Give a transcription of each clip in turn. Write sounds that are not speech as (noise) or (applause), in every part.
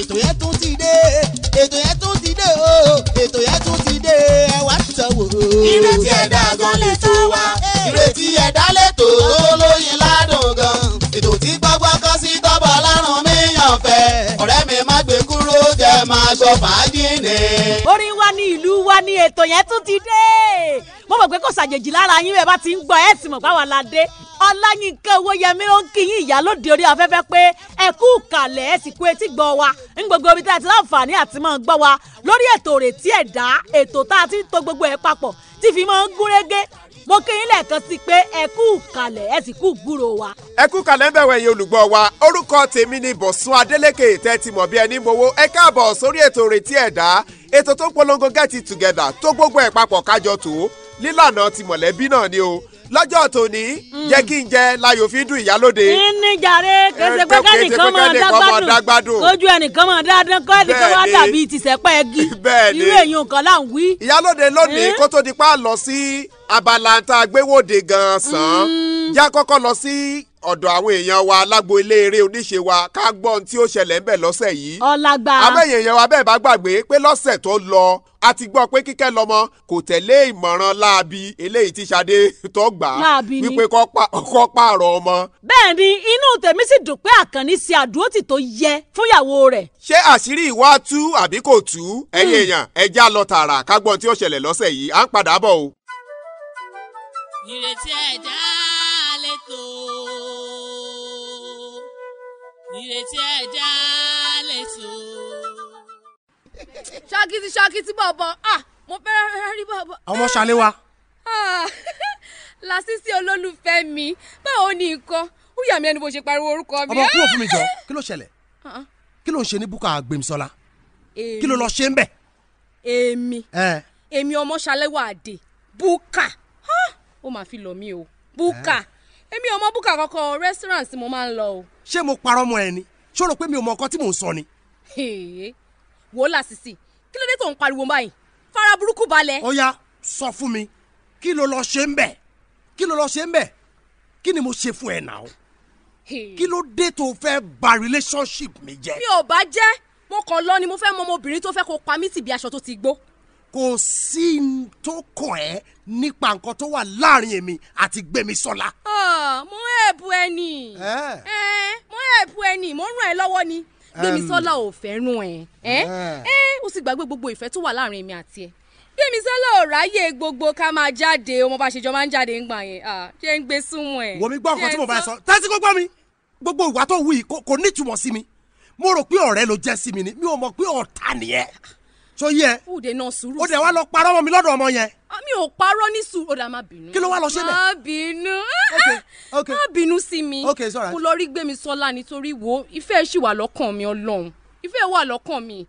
ètò yẹn tún ti dé ètò yẹn tún ti dé o ètò yẹn tún ti dé ẹ wá sanwó. ìrètí ẹ̀dá gan lè tó wa ìrètí ẹ̀dá lè tó olóyin lára. máa sọ fàájì ni. orin wa ní ìlú wa ní ètò yẹn tún ti dé mo mọ̀ pé kò ṣàjèjì lára yín bá ti ń gbọ́ ẹ̀ sì mọ̀ pá wa la ọláyínká owóyẹmí ó ń kíyìn ìyálòde orí afẹ́fẹ́ pé ẹ kú kàlẹ̀ sì kú etí gbọ́ wa ní gbogbo ibi tá a ti láǹfààní àti máa gbọ́ wa lórí ètò òrètí ẹ̀dá ètò tá a ti ń to gbogbo ẹ̀ papọ̀ tí fi máa ń gúnrégé mo kí yín lẹ́ẹ̀kan sí pé ẹ kú kalẹ̀ ẹ sì kú gbúrò wa. ẹ kú kalẹ̀ ń bẹ̀wẹ̀ yín olùgbọ́ wa orúkọ tèmi ni Bọ̀sún Adélékè tẹ́ ti mọ̀ bí ẹni mowó ẹ káàbọ̀ sórí ètò Ìrètí Ẹ̀dá ètò tó polongo Get It Together tó gbogbo ẹ̀ papọ̀ kájọ tó lílànà ti mọ̀lẹ́bí náà ni o lọ́jọ́ tòní mm. jẹ́ kí n jẹ láyò fi dùn ìyálóde. ní jàre kése pé kẹ́nìkan máa dágbádùn ojú ẹnìkan máa dáadán kọ́ ẹnìkan wá dàbí tìṣẹ́pẹ́ (laughs) ẹgí irú èyí nǹkan là ń wí. ìyálóde lónìí eh? kó tó di pa lọ sí abala tá a gbéwòde gan-an sàn mm. já kọ́kọ́ lọ sí ọ̀dọ̀ àwọn èèyàn wa lágbo ilé oníṣe wa ká gbọ́ ohun tí ó ṣẹlẹ̀ ńbẹ̀ lọ́sẹ̀ yìí. ọlágbá abẹ́yẹn yẹn wa bẹ́ẹ̀ bá gbàgbé pé lọ́sẹ̀ tó lọ a ti gbọ́ pé kíkẹ́ lọ́mọ kò tẹ̀lé ìmọ̀ràn láabi eléyìí tí Ṣadé tó gbà á wípé kọ́ pààrọ̀ ọmọ. bẹ́ẹ̀ ni inú tèmi sì dùn pé Àkànní ṣe àdúrótì tó yẹ fúnyàwó rẹ̀. ṣé àṣírí ìwà tú àbí kò tú ẹ̀yin hmm. èèyàn ẹja lọ tààrà ká tí ó ṣẹlẹ̀ lọ́sẹ̀ yìí à ń padà bọ̀ o. ìrètí ẹ̀dá létò. Ìrètí ẹ̀dá létò. Ṣakiti ṣakiti bọ̀bọ̀, ah, mo fẹ́ rí bọ̀bọ̀. Ọmọ ṣàléwá. Ah, Lásìsí olólùfẹ́ mi, báwo ni nǹkan? Ó yà mí ẹnu bó ṣe pariwo orúkọ mi. Ọmọ kúrò fún mi jọ, ah! kí ló ṣẹlẹ̀? Kí ló ń ṣe ní búkà Gbèmísọ́lá? Kí ló lọ ṣe ń bẹ̀? Èmi. Èmi ọmọ ṣàléwá àdè, búkà ó máa fi lọ mí o búkà èmi ò mọ búkà kọ́kọ́ restaurant tí mo máa ń lọ o. ṣé mo parọ́ mọ́ ẹ ni ṣó rò pé mi ò mọ ọkọ tí mò ń sọ ni. wò ó lásìsì kí ló dé tó ń pariwo báyìí fara burúkú balẹ̀. ó yá sọ fún mi kí ló lọ ṣe ń bẹ̀ kí ló lọ ṣe ń bẹ̀ kí ni mo ṣe fún ẹ náà kí ló dé tó fẹ́ ba relationship mi jẹ́. mi ò bá jẹ́ mo kàn lọ ni mo fẹ́ mọ ọmọbìnrin tó fẹ́ kó pa mí tì aṣọ tó ti gbó kò sí tó kàn ẹ́ nípa nǹkan tó wà láàrin èmi àti Gbémisọ́lá. Ah, mo ẹ̀bù ẹ nì mo ẹ̀bù ẹ nì mo ràn ẹ́ lọ́wọ́ ni Gbémisọ́lá ò fẹ́ràn ẹ̀ ó sì gbàgbé gbogbo ìfẹ́ tó wà láàrin èmi àti ẹ̀ Gbémisọ́lá ò ráyè gbogbo ká máa jáde ọmọ bá ṣe jọ máa ń jáde ńgbà yẹn ṣé ah, ń gbé súnmọ́ ẹ̀. wọ́n mi gbọ́ ọkàn tí mo bá sọ tẹ́tí gbogbo mi gbogbo ìwà tó wù yìí kò nítumọ̀ sí mi mo rò pé ọ̀rẹ́ ló jẹ́ sí mi ni mi ò mọ̀ pé ọ̀tá nìyẹn so yẹ ó dẹ̀ wá lọ parọ́ ọmọ mi lọ́dọ̀ ọmọ yẹn. Ah, mi ò parọ́ ní sùúrù ó dà má bínú. kí ló wá lọ ṣe bẹ́ẹ̀. má bínú ah, má bínú sí mi kó lọ rí gbẹmí sọlá nítorí wo ìfẹ́ ṣì wà lọ́kàn mi ọlọ́run ìfẹ́ wà lọ́kàn mi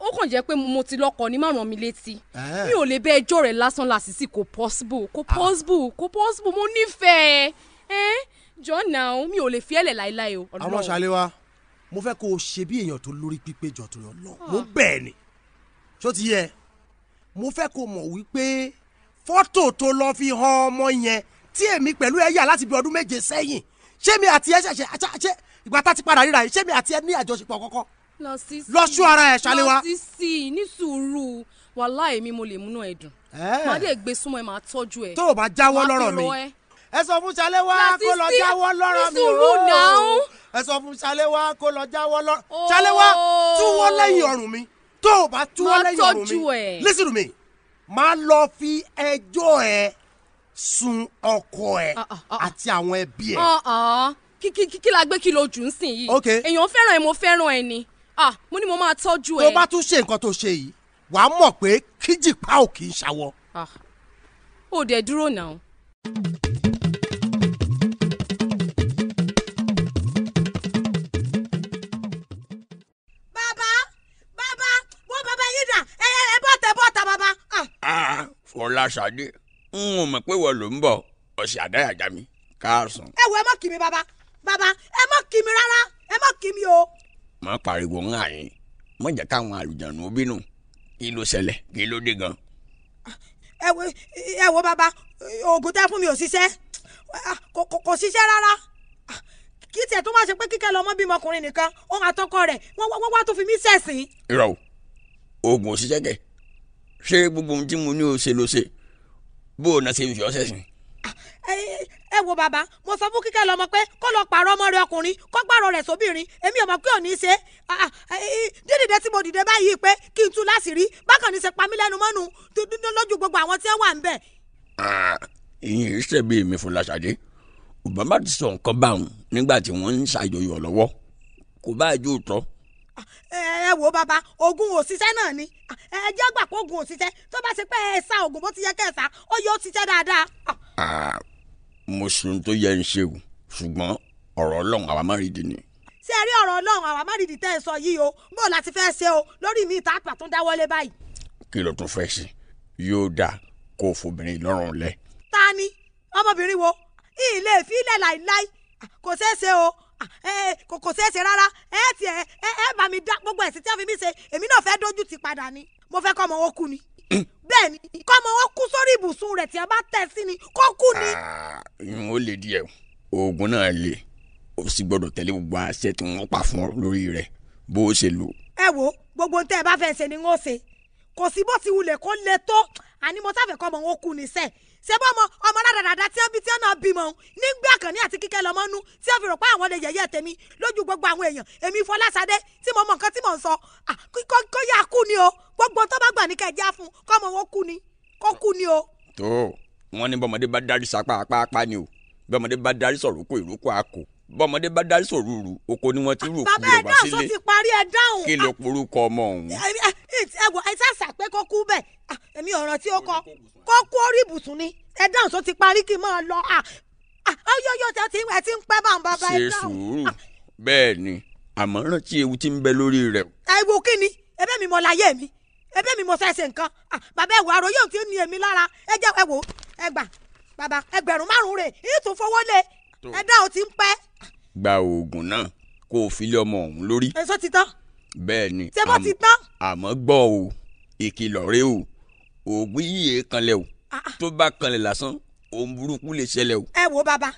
ó kàn jẹ́ pé mo ti lọ́kọ ní márùn-ún mi létí eh. mi ò lè bẹ́ ẹjọ́ rẹ̀ lásán lásìsì kò possible kò ah. possible kò possible mo nífẹ̀ẹ́ jọ̀ọ́ náà mi ò lè fi ẹ̀lẹ̀ láéláé o. àwọn ṣàlẹ̀ wa mo fẹ́ kó o ṣe bí èèyàn tó lórí pípé jọ̀tún ọlọ́run mo bẹ́ẹ̀ ni tó ti yẹ mo fẹ́ kó mọ̀ wípé fọ́tò tó lọ fi hàn ọmọ yẹn tí èmi pẹ̀lú ẹ yà láti bí ọdún méje sẹ́yìn ṣé mi àti ẹ ṣẹ̀ṣẹ̀ ṣe ìgbà tá ti padà ríra yìí ṣé mi àti ẹ ní àjọṣepọ̀ kọ́kọ́ lọ ara ẹ̀ ṣàlẹ́wà. lọ sí i ní sùúrù wàláì mi mo lè múnú ẹ dùn máa dé gbé súnmọ́ ẹ máa tọ́jú ẹ. tó o bá jáwọ́ lọ́rọ̀ mi ẹ sọ fún ṣàlẹ́wà kó lọ jáwọ́ lọ́rọ̀ mi o ẹ sọ fún ṣàlẹ́wà kó lọ jáwọ́ lọ́rọ̀ ṣàlẹ́wà oh. túwọ́ lẹ́yìn ọrùn mi tó o bá tú ọ lẹ́yìn mi listen to me máa lọ fi ẹjọ́ ẹ sun ọkọ ẹ ah, ah, ah. àti àwọn ẹbí ẹ. kí la gbé kí lo jù ú sìn yìí èèyàn fẹ́ràn ẹ mo fẹ́ràn ẹ ni mo ní mo máa tọ́jú ẹ. tó bá tún ṣe nǹkan tó ṣe yìí wàá mọ̀ pé kíjìpá ò kì í ṣàwọ. ó dẹ̀ dúró náà. Ṣadé n ò mọ̀ pé wọ́n ló ń bọ̀ ọ̀sẹ̀ àdáyàjá mi káàsán. ẹ wo ẹ má kí mi bàbá bàbá ẹ má kí mi rárá ẹ má kí mi o. má pariwo ń hàn yín má jẹ́ káwọn àlùjànnú bínú kí ló ṣẹlẹ̀ kí ló dé gan. ẹ wo ẹ wo bàbá oògùn tẹ fún mi ò ṣiṣẹ́ kò ṣiṣẹ́ rárá kí tiẹ̀ tó máa ṣe pé kíkẹ́ lọ́mọ bímọ ọkùnrin nìkan òun àtọkọ rẹ̀ wọ́n wá tó fi mí sẹ̀sìn. irọ́ o oògùn ò ṣiṣẹ́ kẹ́ẹ̀ ṣé gbogbo ohun tí mo ní o ṣe ló ṣe bó o náà ṣe ń fi ọṣẹ sìn. Ah, ẹ wo bàbá mo sọ fún kíkẹ́ lọ́mọ pé kó lọ pààrọ̀ ọmọ rẹ ọkùnrin kó gbàrọ̀ rẹ̀ sóbìnrin èmi ò mọ̀ pé ò ní ṣe ah, ah, dídìde tí mo dìde báyìí pé kí n tú láṣìírí bákan ní ṣe pa mí lẹ́nu mọ́nu lójú gbogbo àwọn tí wọ́n wà ń bẹ̀. ìyìn ìṣẹ̀bí mi fún Láṣadé òbá má ti sọ nǹkan báwọn nígbà tí wọ́n ń ṣàjọyọ̀ lọ́wọ́ kò bá àjò tọ́ ẹ wo bàbá oògùn òṣìṣẹ́ náà ni ẹ jẹ́ gbà pé oògùn òṣìṣẹ́ tó bá ṣe pé ẹ sá oògùn bó ti yẹ kẹ́ ẹ sá ó yẹ ó ṣiṣẹ́ dáadáa. mo ṣe ohun tó yẹ ń ṣe o ṣùgbọ́n ọ̀rọ̀ ọlọ́run àwa má rí di ni. ṣé ẹ rí ọ̀rọ̀ ọlọ́run àwa má rí tẹ́ ẹ sọ yìí o bó láti fẹ́ ṣe o lórí mi ìta àpà tó dáwọ́lé báyìí. kí ló tún fẹ́ ṣe yóò dáa kó o fobìnrin lọ́rùn lẹ. ta ni ọmọbìnrin wo ilé ìfilẹ̀ láìláì kò ṣeé ṣe o Ah, eh, kò ṣeéṣe rárá ẹ ti ẹ ẹ bá mi dá gbogbo ẹ̀sìn tí wọ́n fi mí ṣe èmi náà fẹ́ dojú ti padà ni mo fẹ́ kọ́ ọmọ wọn kú ni (clears throat) bẹ́ẹ̀ ni kọ́ ọmọ wọn kú sórí ibùsùn rẹ̀ tí wọ́n bá tẹ̀ sí ni kó kú ni. Ah, ó lè díẹ̀ oògùn náà lè ó sì gbọ́dọ̀ tẹ̀lé gbogbo àṣẹ tí wọ́n pa fún ọ lórí rẹ̀ bó o ṣe lò. ẹ wo gbogbo ohun tẹ́ ẹ bá fẹ́ ṣe ni n ó ṣe kò sí bó ti wulẹ̀ kó le tó àní mo sáfẹ́ kọ́ ọmọ wọn kú ni sẹ́ẹ̀ ṣé bọ́ ọmọ ọmọ rádaràda tí wọ́n bí tí wọ́n náà bímọ òun nígbà kan ní àti kíkẹ́ lọ́mọ nú tí wọ́n fi rò pé àwọn lè yẹ̀yẹ́ tèmi lójú gbogbo àwọn èèyàn èmi Fọláṣadé tí mo mọ nǹkan tí mò ń sọ kó yá kú ni o gbogbo tó bá gbà ní kẹjá fún kọ́mọ wọn kú ni kó kú ni o. tó wọn ní bọmọdé bá darí sapá apá ni o bọmọdé bá darí sọ̀rọ̀ kó ìrókò àkó bọmọdé bá darí sọ̀rọ̀ rú oko ni wọn ti rò kú rẹ wá sílé èmi ọ̀rọ̀ tí ó kọ kó kú orí ibùsùn ni ẹ dáhùn tó ti parí kí n máa lọ à ọyọyọ tẹ ti ẹ ti ń pẹ́ bá ń bàbá ẹ dáhùn. ṣe sùúrù bẹ́ẹ̀ ni àmọ́ rántí ewu ti ń bẹ lórí rẹ̀. ẹ wo kí ni ẹ̀bẹ̀ mi mọ láyé mi ẹ̀bẹ̀ mi mọ sẹsẹ nǹkan bàbá ẹwà àròyé òtí ní èmi lára ẹ jẹ ẹwò ẹ gbà bàbá ẹgbẹ̀rún márùnún rè é tó fowó lé ẹ dáhùn ti ń pẹ́. gba oògùn náà kó o fi lé ọmọ ọ̀hún lórí. èso ti tán. bẹ́ẹ̀ ni àmọ́ gbọ́ o ìkìlọ̀ rẹ o oògùn yìí yé kanlẹ̀ o ah, ah. tó bá kanlẹ̀ lásán òun burúkú lè ṣẹlẹ̀ o. ẹ wo bàbá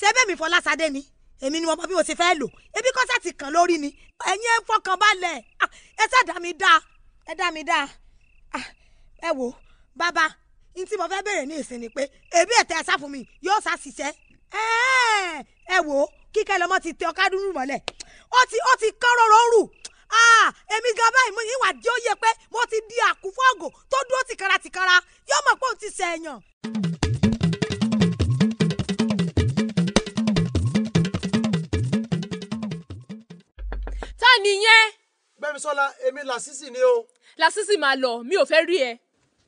sẹ́bẹ̀ mi Fọláṣadé ni èmi ni mo mọ bí mo ṣe fẹ́ lò ebi kọ́sà ti kàn lórí ni ẹ̀yin ẹ fọkàn balẹ̀ ah, ẹ sá dá mi dá ẹ dá mi dá ẹ wo baba. n tí mo fẹ́ bẹ̀rẹ̀ ní ìsìn ni pé ebi ẹ̀tẹ̀ ẹ sá fún mi yóò sá ṣiṣẹ́ ẹ wo kíkẹ́ lọ́mọ ti tẹ ọ̀kadùn rù mọ́lẹ̀ ó ti ó ti kán rọrùn rù Ah, èmi gan báyìí mo ìwádìí ó yẹ pé mo ti di àkúfọ́ọ̀gò tó dúró tìkara yóò mọ̀ pé òun ti sẹ̀yàn. ta nìyẹn. gbẹ̀mísọ́lá èmi làṣìṣì ni o. làṣìṣì máa lọ mi ò fẹ́ rí ẹ.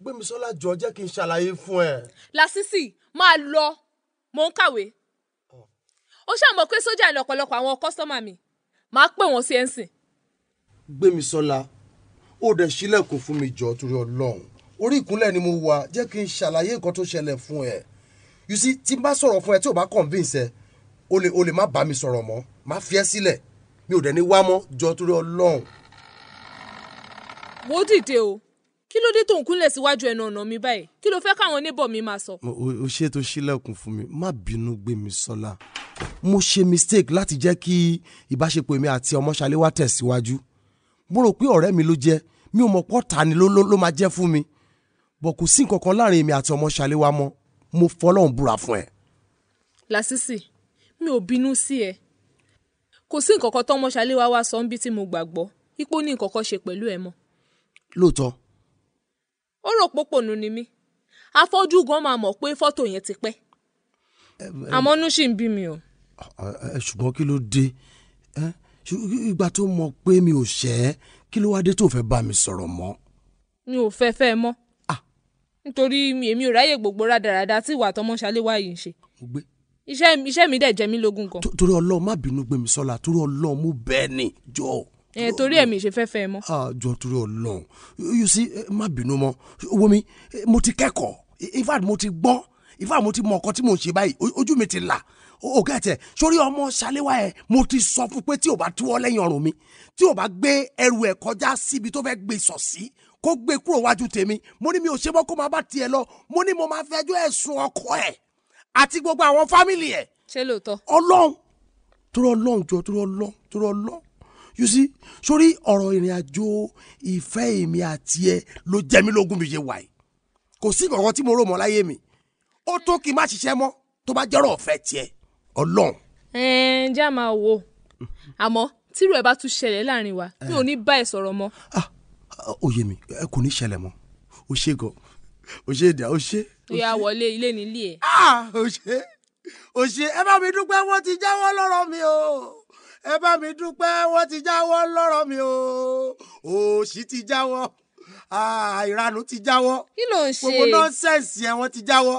gbẹ̀mísọ́lá jọ jẹ́ kí n ṣàlàyé fún ẹ. làṣìṣì máa lọ mò ń kàwé ó ṣàmọ̀ pé sójà ni ọ̀pọ̀lọpọ̀ àwọn kọ́sọ́mà mi máa pè wọ́n sí ẹ̀sìn gbémisọ́lá ó dẹ̀ sílẹ̀kùn fún mi jọ torí ọlọ́run orí ìkúnlẹ̀ ni mo wà jẹ́ kí n ṣàlàyé nǹkan tó ṣẹlẹ̀ fún ẹ you see tí n bá sọ̀rọ̀ fún ẹ tí ò bá convince ẹ o lè o lè má bá mi sọ̀rọ̀ mọ́ má fi ẹ́ sílẹ̀ mi ò dẹ̀ ní wá mọ́ jọ torí ọlọ́run. mo dìde o kí ló dé tó ń kúnlẹ̀ síwájú ẹnu ọ̀nà mi báyìí kí ló fẹ́ káwọn oníbọ̀ mi máa sọ. o ṣe tó ṣílẹ̀kùn fún mi má bínú gbé mi sọ́lá mo ṣe mistake láti jẹ́ kí ìbáṣepọ̀ èmi àti ọmọ ṣaléwá tẹ̀síwájú. Si mo rò pé ọ̀rẹ́ mi ló jẹ́ mi ò mọ̀ pọ́ ta ni ló ló máa jẹ́ fún mi bọ̀ kò sí nǹkan kan láàrin èmi àti ọmọ ṣàléwá mọ́ mo fọlọ́run búra fún ẹ. lásìsì mi ò bínú sí ẹ kò sí nǹkan kan tọ́mọ wá sọ ń bí tí mo gbàgbọ́ ipò ní nǹkan kan ṣe pẹ̀lú ẹ mọ́. lóòótọ́. ó rò pópònù ni mí afọ́jú gan máa mọ̀ pé fọ́tò yẹn ti pẹ́ àmọ́ inú ṣì ń bí mi o. ṣùgbọ́n kí ló dé ìgbà tó mọ̀ pé mi ò ṣẹ̀ ẹ́ kí ló wáá dé tó fẹ́ bá mi sọ̀rọ̀ mọ́. mi ò fẹ́ fẹ́ mọ́ ah. nítorí èmi ò ráyè gbogbo rádaràda tí ìwà àtọmọ ṣaléwá yìí ń ṣe. iṣẹ́ mi dẹ̀ jẹ́ mi lógún kan. torí ọlọ́run má bínú gbé mi sọ́la torí ọlọ́run mú bẹ́ẹ̀ ni jọ. ẹ torí ẹ̀mí ṣe fẹ́ fẹ́ mọ́. Ah, jọ torí ọlọ́run you see eh, má bínú mọ́ wo mi eh, mo ti kẹ́kọ̀ọ́ in fact mo ti gbọ́n in mo ti mọ ọkọ tí mo ń ṣe báyìí ojú mi ti là o gẹ̀tẹ̀ e. sórí ọmọ ṣàléwá ẹ mo ti sọ fún pé tí o bá túwọ́ lẹ́yìn ọrùn mi tí o bá gbé ẹrù ẹ̀ kọjá síbi tó fẹ́ gbé sọ̀ sí kó gbé kúrò wájú tèmi mo ní mi ò ṣe mọ́ kó máa bá tiẹ̀ lọ mo ní mo máa fẹjọ́ ẹ̀sùn ọkọ ẹ̀ àti gbogbo àwọn fámìlì ẹ̀. ṣé lóòótọ́. ọlọ́run torí ọlọ́run jọ torí ọlọ́run torí ọlọ́run you see sórí ọ̀rọ̀ ìrìn àjò ìfẹ́ èmi àti ẹ ló jẹ́ mi lógún mi ṣe wà yìí kò sí kankan tí mo rò mọ́ láyé mi ó tó kí n má ṣiṣẹ́ mọ́ tó bá jẹ́rọ̀ ọ̀fẹ́ tiẹ̀ ọlọ́run. ẹ ẹ jẹ́ àmà wo àmọ́ tírú ẹ̀ bá tún ṣẹlẹ̀ láàrin wa mi ò ní bá ẹ sọ̀rọ̀ mọ́. Ah, ah, ó yé mi ẹ kò ní ṣẹlẹ̀ mọ́ o ṣe gan o ṣe dà o ṣe. ó wọlé ilé nílé ẹ. o ah, ṣe o ṣe ẹ bá mi dúpẹ́ wọ́n ti jáwọ́ lọ́rọ̀ mi o ẹ bá mi dúpẹ́ wọ́n ti jáwọ́ lọ́rọ̀ mi o òṣì ti jáwọ́ ìranù ti jáwọ́ gbogbo nọ́ọ̀sẹ̀sì ẹ̀ wọ́n ti jáwọ́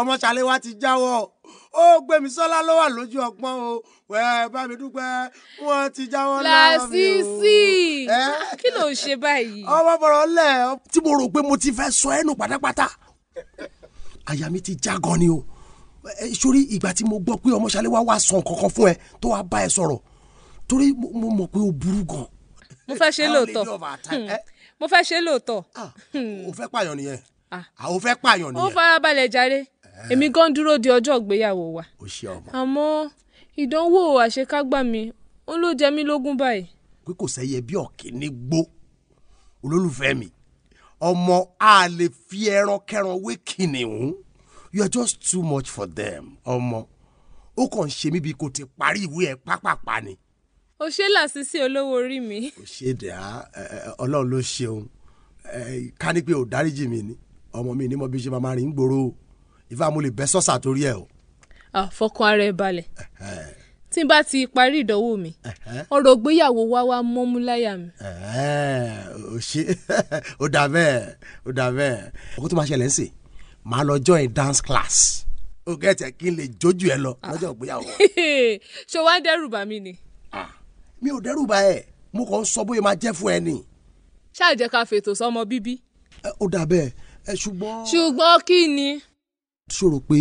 ọmọ ṣàlẹ̀ wa ti jáwọ́ ó gbẹmí sọlá ló wà lójú ọgbọ́n o wẹ́ẹ́ bá mi dúpẹ́ wọ́n ti jáwọ́ lọ́wọ́ mi o. làásìsì kí ló ń ṣe báyìí. ọmọ bọ̀rọ̀ lẹ̀. tí mo rò pé mo ti fẹ́ sọ ẹnu pátápátá àyà mi ti já gan ni o sórí ìgbà tí mo gbọ́ pé ọmọ ṣàlẹ́wà wá sàn kankan fún ẹ tó wàá bá ẹ sọ̀rọ̀ torí mo mọ̀ pé o burú gan. mo fẹ́ ṣe lóòótọ́ hmm. mo fẹ́ ṣe lóòótọ́. Ah, hmm. o fẹ́ pààyàn nìyẹn. Ah. Ah, o fẹ́ pààyàn nìyẹn. ó farabalẹ̀ jàre èmi gan dúró de ọjọ́ ìgbéyàwó wa àmọ́ ìdánwò àṣekágbá mi ó ló jẹ mí lógún báyìí. pé kò sẹ́yẹ bí ọ̀kẹ́ ní gbó olólùfẹ́ mi ọmọ a lè fi ẹran kẹran wé kìnìún you are just too much for them ọmọ ó kàn ń ṣe mí bí kò ti parí ìwé ẹ pápápá ni. o ṣe làṣìṣe olówó orí mi. o ṣe dà ọlọ́run ló ṣeun ká ní pé ò dáríjì mi ni ọmọ mi ní mo bí ṣe máa rìn gbòòrò ìfà mo lè bẹ́ sọ́sà torí ẹ̀ o. àfọkàn ah, ara ẹ balẹ̀ tí n bá ti parí ìdánwò mi ọ̀rọ̀ ògbéyàwó wa wá mọ́mú láyà mi. ó ṣe ó (laughs) dà bẹ́ẹ̀ ó dà bẹ́ẹ̀. ọkọ tó máa ṣẹlẹ̀ ń sè máa lọ join dance class ó gẹ̀ẹ́tẹ̀ kí n lè jójú ẹ lọ lọ́jọ́ ògbéyàwó. (laughs) ṣé wàá dẹ́rù bà mí ni. mi ò dẹ́rù bà ẹ́ mo kàn ń sọ bóyá máa jẹ́ fún ẹ ni. ṣáà jẹ́ ká fètò sọ́mọ bíbí. ó dà bẹ́ẹ̀ ṣùgbọ́n. ṣùgbọ́n kí ni ṣòro pé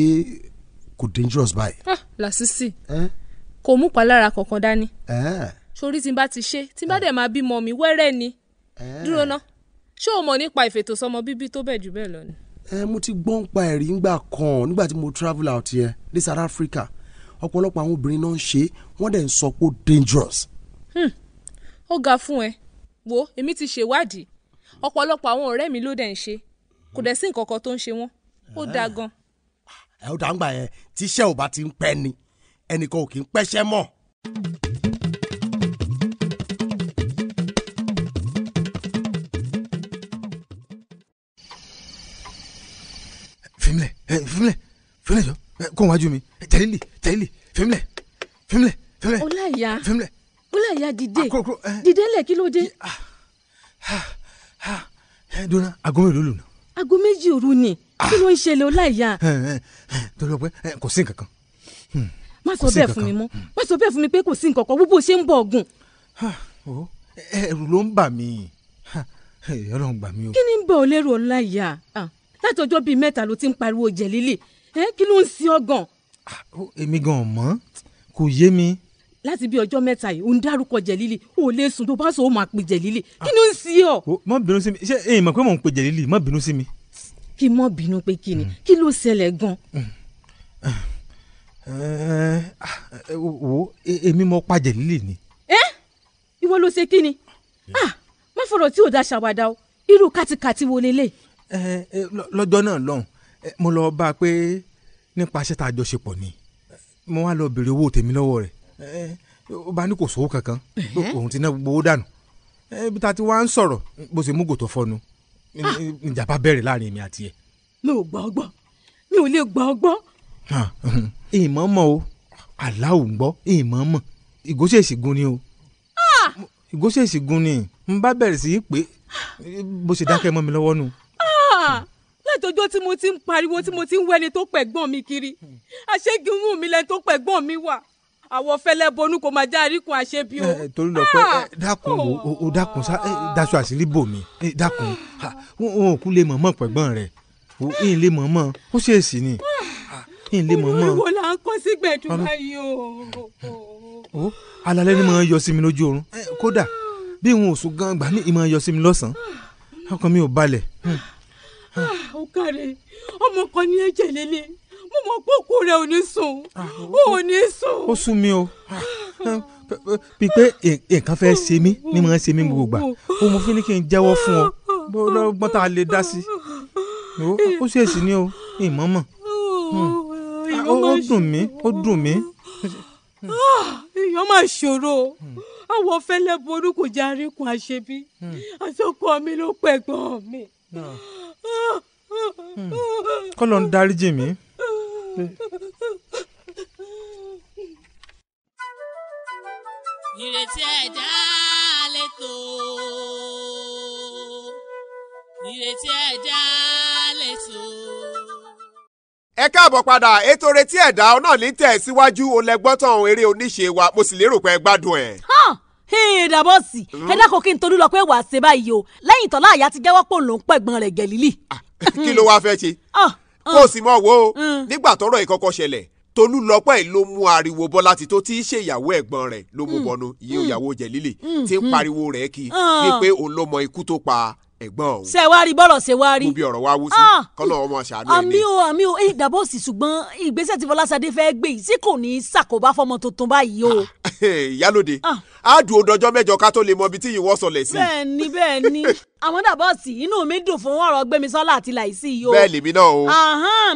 kò dangerous báyìí. Ah, làṣìṣì kò mú palára kankan dání sórí tí n bá ti ṣe tí n bá dẹ̀ máa bímọ mi wẹ́rẹ́ ni dúró ná ṣé o mọ̀ nípa ìfètòsọ́mọ bíbí tó bẹ̀ jù bẹ́ẹ̀ lọ ni. mo ti gbọ́ pa ẹ̀rí ńgbà kan nígbà tí mo travel out yẹn ní South Africa ọ̀pọ̀lọpọ̀ àwọn obìnrin náà ń ṣe wọ́n dẹ̀ ń sọ pé dangerous. Hmm, ó ga fún ẹ wo èmi ti ṣèwádìí ọ̀pọ̀lọpọ̀ àwọn ọ̀rẹ́ mi ló dẹ̀ ń ṣe kò dẹ̀ sí nǹkan kan tó ń ṣe wọ́n ó dáa gan ẹ̀ ó dàgbà yẹn tíṣẹ́ ò bá ti ń pẹ́ ni ẹnìkan ò kì í pẹ́ṣẹ́ mọ́. fímlẹ̀ fímlẹ̀ fímlẹ̀ jọ kó wájú mi tẹ̀lé tẹ̀lé fímlẹ̀ fímlẹ̀ fímlẹ̀. ọláyà fímlẹ̀. ọláyà dìde ah, dìde lẹ̀ kí ló dé. dona ah, aago mélòó lò ná. aago méjì òru ni kí ló ń ṣẹlẹ̀ o láìyá. torí ọpẹ kò sí nǹkan kan. Hmm. má sọ bẹ́ẹ̀ fún mi mọ́ hmm. má sọ bẹ́ẹ̀ fún mi pé kò sí nǹkan kan gbogbo ṣe ń bọ̀ ọ̀gùn. ẹ̀rù ló ń bà mí Ọlọ́run gbà mí o. kí ni ń bọ̀ ọ́ lẹ́rù ọláìyá láti ọjọ́ bíi mẹ́ta ló ti ń pariwo jẹ̀ lílì kí ló ń sin ọgàn. èmi gan mọ́ kò yé mi. láti bíi ọjọ́ mẹ́ta yìí ò ń dárúkọ jẹ̀ lílì ò lè sùn tó bá sọ ó máa pè jẹ̀ lílì kí ah. ló ń sin ọ. má bínú sí mi ṣé èèyàn mọ̀ pé mò ń pè jẹ̀ lílì bínú sí mi kí mọ́ bínú pé kí ni kí ló ṣẹlẹ̀ gan. wo èmi mọ pàjẹ́ lílè ni. ẹ ìwọ ló ṣe kí ni ah, má fọ̀rọ̀ tí ò dá ṣàwádà o irú kàtìkàtì wo lélẹ̀. lọ́jọ́ náà lọ́hùn mo lọ bá a pé nípasẹ̀ tá a jọ ni mo wá lọ béèrè owó tèmi lọ́wọ́ rẹ̀ ó bá ní kò sówó kankan òun ti ná gbogbo owó dànù ibi tá a ti wá ń sọ̀rọ̀ bó ṣe mú gòtò fọnu níjà bá bẹ̀rẹ̀ láàrin èmi àti ẹ̀. mi ò gbọ́ ọgbọ́ mi ò lè gbọ́ ọgbọ́. ìmọ̀ mọ̀ o aláwo ń gbọ́ ìmọ̀ mọ̀ ìgóṣèṣì gun ni o ah! ìgóṣèṣì gun ni n bá bẹ̀rẹ̀ sí í pé bó ṣe dákẹ́ mọ́ mi lọ́wọ́ nù. Ah! látọjọ́ tí mo ti ń pariwo tí mo ti ń wẹ́ni tó pẹ̀gbọ́n mi kiri àṣé kí n wù mí lẹ́ni tó pẹ̀gbọ́n mi wà àwọ̀ fẹlẹ́ bonú kò máa já àríkùn àṣebí o. Eh, eh, torí lọ pé ah! eh, dákun o dákun daṣọ àṣírí bò mí dákun wọn ò kú lè mọ̀mọ́ pẹ̀gbọ́n rẹ̀ n lè mọ̀mọ́ ó ṣe é sí ni n lè mọ̀mọ́. olùwò là ń kọ́ sí gbẹ̀dúrà yìí o. o alalẹ́ ni mo ń yọ sí mi lójú oorun kódà bí n ò sùn gan gbà mí ìmọ̀ yọ sí mi lọ́sàn-án ọkàn mi ò balẹ̀. Hmm. Ah, ó kàrẹ̀ ọmọ kan ní ẹ̀jẹ̀ lélẹ̀ mo mọ̀ pé òkú rẹ̀ ò ní ah, sùn ò ní sùn. ó sún mi o ah, eh, bíi pé nǹkan fẹ́ ṣe mí ni mo ń ṣe mí gbogbo gbà ó mo fi ní kí n jẹ́wọ́ fún ọ bó lọ́gbọ́n tá a lè dá sí i ah, ó sì èsì ni o ìmọ̀ọ́mọ̀ hmm. ó dùn mí ó dùn mí. èèyàn máa ṣòro hmm. àwọn fẹlẹ ború kò já ríkun àṣebí hmm. àsọkọ mi ló pẹ̀gbọ́n mi. kọ́lọ̀ ń dáríjì mi. (laughs) ìrètí ẹ̀dá lè tó ìrètí ẹ̀dá lè tó. ẹ káàbọ̀ padà ètò ìrètí ẹ̀dá náà ní tẹ̀ síwájú olẹ́gbọ́tàn eré oníṣe wa mo sì lérò pé ẹ gbádùn ẹ̀ ìdàbọ̀sì ẹ hmm? dákun kí n tolú lọ pé wàá ṣe báyìí o lẹ́yìn tọ́lá àyà ti jẹ́wọ́ pò ló ń pẹ̀gbọ́n rẹ̀ gẹ̀lílì. Ah, (laughs) kí ló wáá fẹ́ ṣe. Ah, kó o sì mọ̀ wo nígbà tọ́rọ̀ ìkọ̀kọ̀ ṣẹlẹ̀ tolú lọ́pọ̀ ẹ̀ ló mú ariwo bọ́lá ti tó tí í ṣe ìyàwó ẹ̀gbọ́n rẹ̀ ló mú hmm. bọnu ìyẹn hmm. ìyàwó jẹ̀lílì hmm. tí ń pariwo rẹ̀ kí wípé òun ló mọ ikú tó pa ẹ̀gbọ́n o. ṣe wá rí bọ́rọ̀ ṣe wá rí. mo bí ọ̀rọ̀ wa wú sí ah, kọ́lọ̀ ọmọ ṣàánú ẹni. àmì o àmì o èyí eh, dàbọ̀ sí ṣùgbọ́n ìgbésẹ̀ tí Fọláṣadé fẹ́ gbé yìí tí kò ní í ṣàkóbá fọmọ tuntun báyìí o. (laughs) Eh, ìyálòde á dùn ó dọjọ́ mẹ́jọ ká tó lè mọ ibi tí yìí wọ́n sọlẹ̀ sí. bẹ́ẹ̀ni bẹ́ẹ̀ni àwọn dàbọ̀ sí inú mi dùn fún ọ̀rọ̀ Gbémisọ́lá àti Láìsí yìí o. bẹ́ẹ̀ lèmi náà o.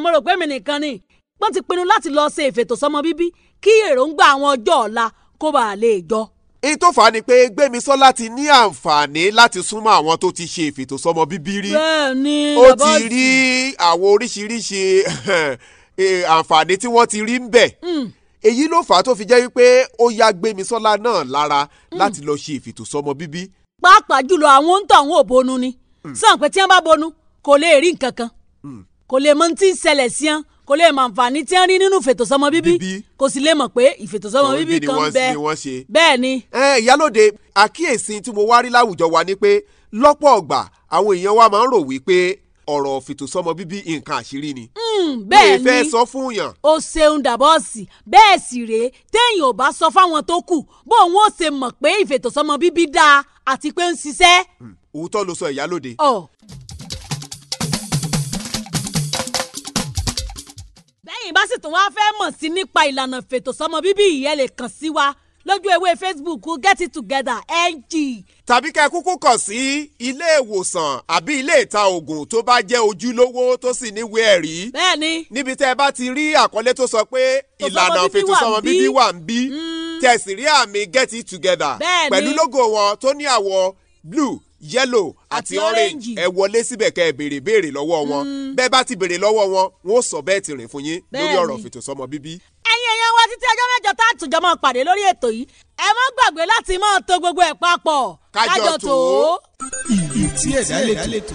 mo rò pé mi nìkan ni wọ́n ti pinnu láti lọ ṣe ìfètòsọ́mọ bíbí kí èròǹgbà àwọn ọjọ́ ọ̀la kó bàa lè èyí tó fà á ni pé Gbémisọ́lá ti ní àǹfààní láti súnmọ́ àwọn tó ti ṣe ìfètòsọ́mọ bíbí rí ó ti rí àwọn oríṣiríṣi (laughs) eh, àǹfààní tí wọ́n ti rí ń bẹ̀ hmm. èyí ló fà á tó fi jẹ́ wípé ó yá Gbémisọ́lá náà lára hmm. láti lọ ṣe ìfètòsọ́mọ bíbí. pàápàá jùlọ àwọn ń tàn wọn ò bonu ni hmm. sàn pé tí wọn bá bonu kò lè rí nǹkan kan kò lè mọ tí ń ṣẹlẹ̀ sí wọn kò lè mọ àǹfààní tí wọ́n rí nínú ìfètòsọ́mọ bíbí kò sì lè mọ̀ pé ìfètòsọ́mọ bíbí kan bẹ bẹ́ẹ̀ ni. ẹ ìyálòde àkíyèsí tí mo wá rí láwùjọ wa ni pé lọ́pọ̀ ọgbà àwọn èèyàn wa máa ń rò wípé ọ̀rọ̀ fìtòsọ́mọ bíbí nǹkan àṣírí ni. Hmm, bẹ́ẹ̀ ni ìfẹ́ sọ fún yàn. o ṣeun dàbọ̀sì bẹ́ẹ̀ sì rèé téèyàn ò bá sọ fáwọn tó kù bó òun ó ṣe mọ̀ pé ìfètòsọ́mọ bíbí dáa àti pé ń ṣiṣẹ́. Hmm, òótọ́ ló sọ ìyálòde. ọ̀ ẹ̀yin bá sì tún wá fẹ́ mọ̀ sí nípa ìlànà fètò sọmọ bíbí ìyẹn lè kàn sí wa lójú ewé facebook get it together ng. tàbí kẹ́ ẹ kúkú kàn sí ilé ìwòsàn àbí ilé ìta oògùn tó bá jẹ́ ojúlówó tó sì níwèé ẹ̀rí. bẹ́ẹ̀ni. níbi tẹ́ bá ti rí àkọlé tó sọ pé ìlànà fètò sọmọ bíbí wà ń bí mm. tẹ́ rí àmì get it together. bẹ́ẹ̀ni pẹ̀lú lógo wọn tó ní àwọ̀ blue yellow àti orange ẹ wọlé síbẹ̀ kẹ́ ẹ béèrè béèrè lọ́wọ́ wọn hmm. bẹ́ẹ̀ bá ti béèrè lọ́wọ́ wọn wọn ò sọ bẹ́ẹ̀ tìrìn fún yín lórí ọ̀rọ̀ fètòsọ́mọ bíbí. ẹ̀yin èèyàn wa títí ọjọ́ mẹ́jọ tá a tún jọ máa pàdé lórí ètò yìí ẹ má gbàgbé láti máa to gbogbo ẹ̀ papọ̀ kájọ tó. ìrètí ẹ̀dá lè tó.